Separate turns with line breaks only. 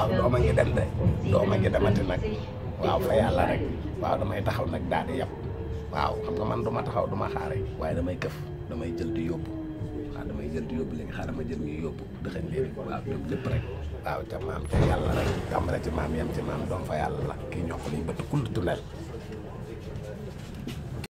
waaw dooma ngi dem de dooma ngi demati nag
waaw fa yàlla rek
waaw damay taxaw nag daal di yàpp waaw xam nga man du taxaw duma ma xaare waaye damay këf damay jël di yóbbu waaw damay jël di yóbbu léegi xaaral ma jël ñuy yóbbu dëxañ leen waaw ñoom lépp rek waaw ca maam ca yàlla rek jàmbale ci maam yem ci maam doom fa yàlla la kii ñoq liñ bët kull tunnel